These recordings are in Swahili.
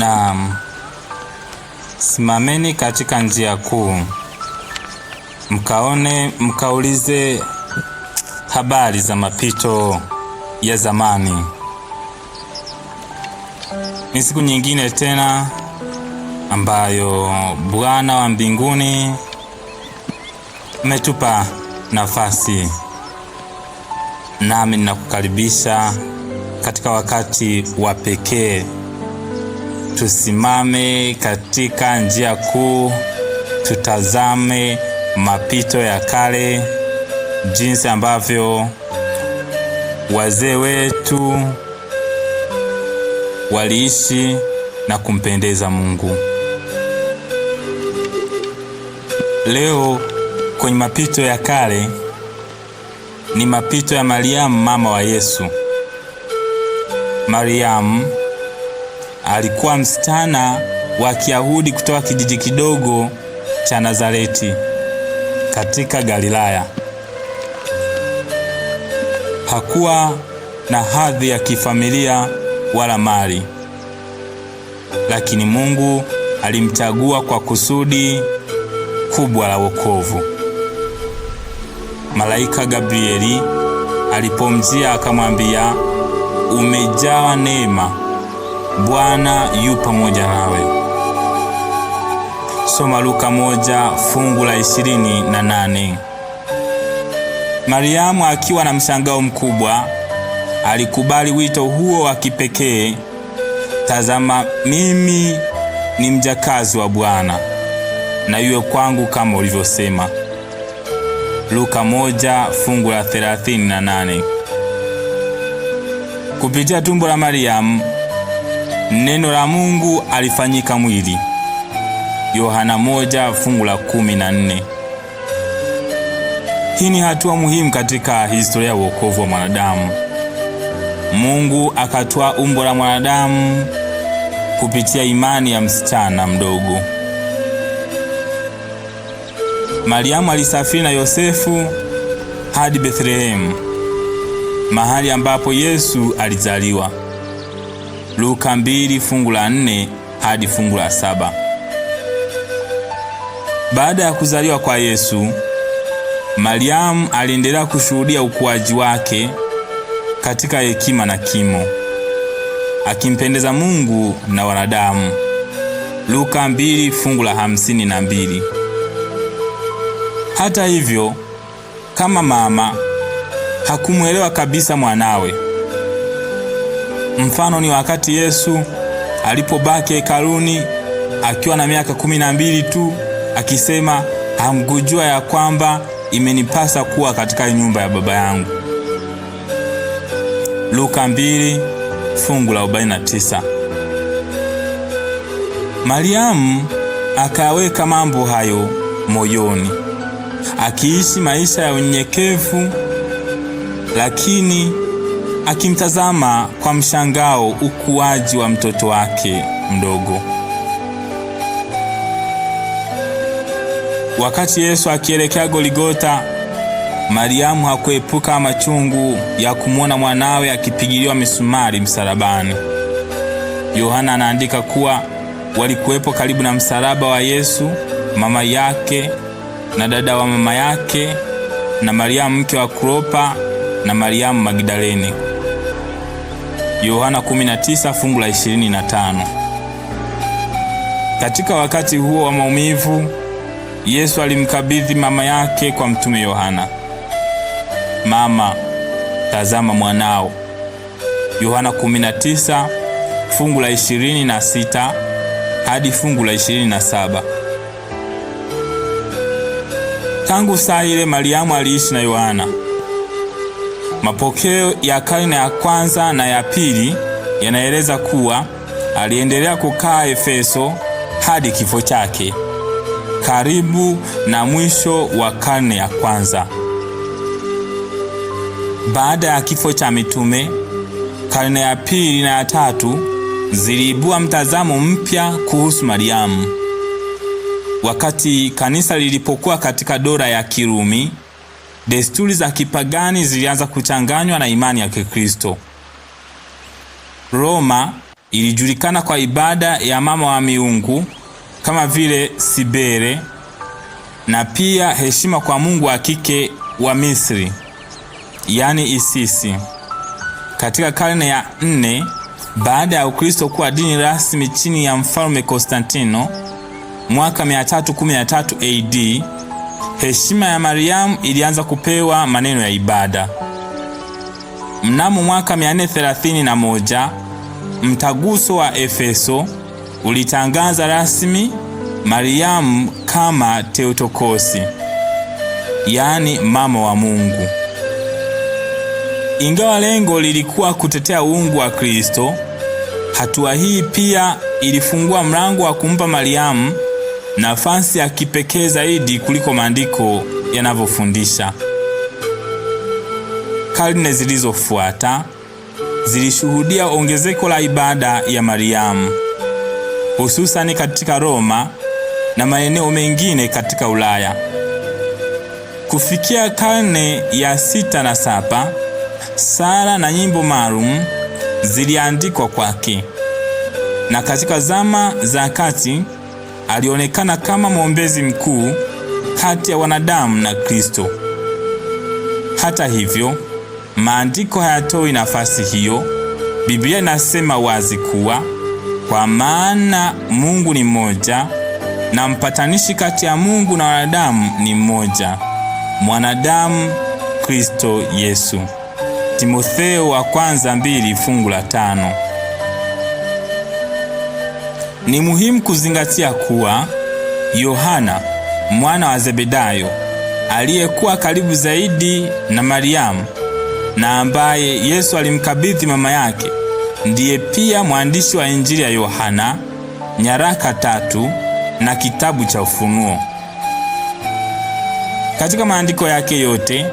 Naam, simameni katika njia kuu, mkaone mkaulize habari za mapito ya zamani. Ni siku nyingine tena ambayo Bwana wa mbinguni ametupa nafasi, nami ninakukaribisha katika wakati wa pekee tusimame katika njia kuu, tutazame mapito ya kale, jinsi ambavyo wazee wetu waliishi na kumpendeza Mungu. Leo kwenye mapito ya kale ni mapito ya Mariamu mama wa Yesu. Mariamu alikuwa msichana wa Kiyahudi kutoka kijiji kidogo cha Nazareti katika Galilaya. Hakuwa na hadhi ya kifamilia wala mali, lakini Mungu alimchagua kwa kusudi kubwa la wokovu. Malaika Gabrieli alipomjia akamwambia, umejawa neema Bwana yu pamoja nawe. Soma Luka moja fungu la ishirini na nane. Mariamu akiwa na mshangao mkubwa alikubali wito huo wa kipekee. Tazama, mimi ni mjakazi wa Bwana, na iwe kwangu kama ulivyosema. Luka moja fungu la thelathini na nane. Kupitia tumbo la Mariamu Neno la Mungu alifanyika mwili. Yohana moja fungu la kumi na nne. Hii ni hatua muhimu katika historia ya wokovu wa mwanadamu. Mungu akatoa umbo la mwanadamu kupitia imani ya msichana mdogo. Mariamu alisafiri na Yosefu hadi Bethlehemu, mahali ambapo Yesu alizaliwa. Luka mbili fungu la nne hadi fungu la saba. Baada ya kuzaliwa kwa Yesu, Mariamu aliendelea kushuhudia ukuaji wake katika hekima na kimo, akimpendeza Mungu na wanadamu. Luka mbili fungu la hamsini na mbili. Hata hivyo, kama mama hakumwelewa kabisa mwanawe Mfano ni wakati Yesu alipobaki hekaluni akiwa na miaka kumi na mbili tu, akisema hamkujua ya kwamba imenipasa kuwa katika nyumba ya Baba yangu. Luka mbili, fungu la 49. Mariamu akaweka mambo hayo moyoni, akiishi maisha ya unyenyekevu, lakini akimtazama kwa mshangao ukuaji wa mtoto wake mdogo. Wakati Yesu akielekea Goligota, Mariamu hakuepuka machungu ya kumwona mwanawe akipigiliwa misumari msalabani. Yohana anaandika kuwa walikuwepo karibu na msalaba wa Yesu mama yake na dada wa mama yake na Mariamu mke wa kuropa na Mariamu Magdalene. Yohana 19 fungu la 25. Katika wakati huo wa maumivu, Yesu alimkabidhi mama yake kwa mtume Yohana. Mama, tazama mwanao. Yohana 19 fungu la 26 hadi fungu la 27. Tangu saa ile Mariamu aliishi na Yohana. Mapokeo ya karne ya kwanza na ya pili yanaeleza kuwa aliendelea kukaa Efeso hadi kifo chake karibu na mwisho wa karne ya kwanza. Baada ya kifo cha mitume, karne ya pili na ya tatu ziliibua mtazamo mpya kuhusu Mariamu. Wakati kanisa lilipokuwa katika dola ya Kirumi, desturi za kipagani zilianza kuchanganywa na imani ya Kikristo. Roma ilijulikana kwa ibada ya mama wa miungu kama vile Sibere na pia heshima kwa mungu wa kike wa Misri, yani Isisi. Katika karne ya nne baada ya Ukristo kuwa dini rasmi chini ya mfalme Konstantino mwaka 313 AD Heshima ya Mariamu ilianza kupewa maneno ya ibada. Mnamo mwaka 431 mtaguso wa Efeso ulitangaza rasmi Mariamu kama Teotokosi, yaani mama wa Mungu. Ingawa lengo lilikuwa kutetea uungu wa Kristo, hatua hii pia ilifungua mlango wa kumpa Mariamu nafasi ya kipekee zaidi kuliko maandiko yanavyofundisha. Karne zilizofuata zilishuhudia ongezeko la ibada ya Mariamu hususani katika Roma na maeneo mengine katika Ulaya. Kufikia karne ya sita na saba, sala na nyimbo maalum ziliandikwa kwake, na katika zama za kati alionekana kama mwombezi mkuu kati ya wanadamu na Kristo. Hata hivyo, maandiko hayatoi nafasi hiyo. Biblia inasema wazi kuwa kwa maana Mungu ni mmoja na mpatanishi kati ya Mungu na wanadamu ni mmoja, mwanadamu Kristo Yesu. Timotheo wa kwanza mbili fungu la tano. Ni muhimu kuzingatia kuwa Yohana mwana wa Zebedayo aliyekuwa karibu zaidi na Mariamu na ambaye Yesu alimkabidhi mama yake ndiye pia mwandishi wa Injili ya Yohana, nyaraka tatu na kitabu cha Ufunuo. Katika maandiko yake yote,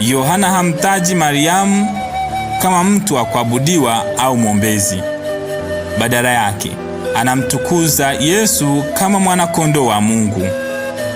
Yohana hamtaji Mariamu kama mtu wa kuabudiwa au mwombezi. Badala yake anamtukuza Yesu kama mwanakondoo wa Mungu.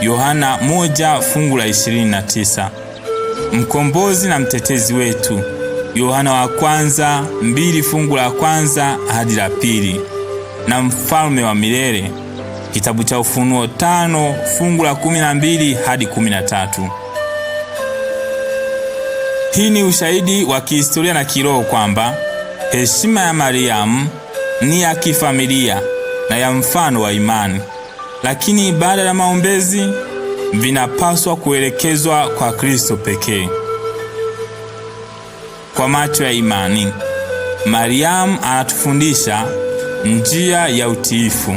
Yohana moja fungu la 29. Mkombozi na mtetezi wetu Yohana wa kwanza mbili fungu la kwanza hadi la pili, na mfalme wa milele kitabu cha Ufunuo tano fungu la 12 hadi 13. Hii ni ushahidi wa kihistoria na kiroho kwamba heshima ya Mariamu ni ya kifamilia na ya mfano wa imani, lakini ibada na maombezi vinapaswa kuelekezwa kwa Kristo pekee. Kwa macho ya imani, Mariamu anatufundisha njia ya utiifu,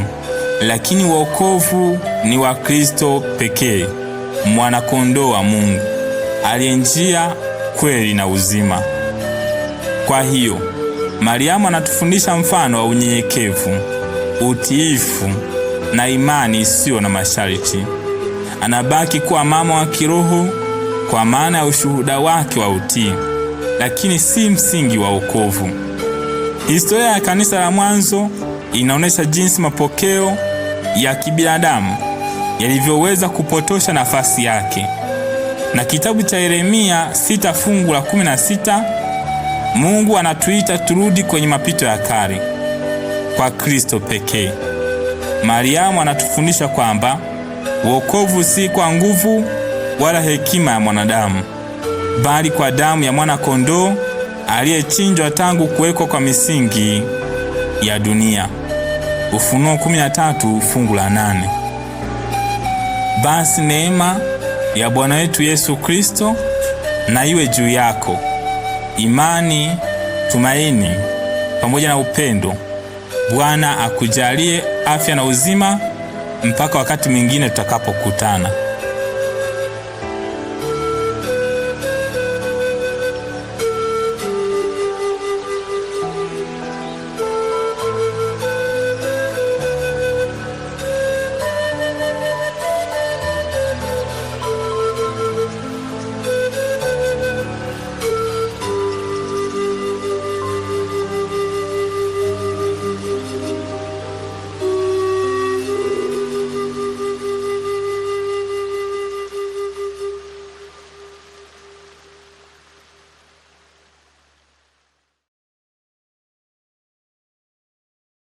lakini wokovu ni wa Kristo pekee, mwanakondoo wa Mungu aliye njia, kweli na uzima. Kwa hiyo Mariamu anatufundisha mfano wa unyenyekevu utiifu na imani isiyo na masharti. Anabaki kuwa mama wa kiroho kwa maana ya ushuhuda wake wa utii, lakini si msingi wa wokovu. Historia ya kanisa la mwanzo inaonyesha jinsi mapokeo ya kibinadamu yalivyoweza kupotosha nafasi yake, na kitabu cha Yeremia sita fungu la 16 Mungu anatuita turudi kwenye mapito ya kale kwa Kristo pekee. Mariamu anatufundisha kwamba wokovu si kwa nguvu wala hekima ya mwanadamu, bali kwa damu ya mwana kondoo aliyechinjwa tangu kuwekwa kwa misingi ya dunia. Ufunuo 13 fungu la 8. Basi neema ya Bwana wetu Yesu Kristo na iwe juu yako, imani, tumaini pamoja na upendo Bwana akujalie afya na uzima mpaka wakati mwingine tutakapokutana.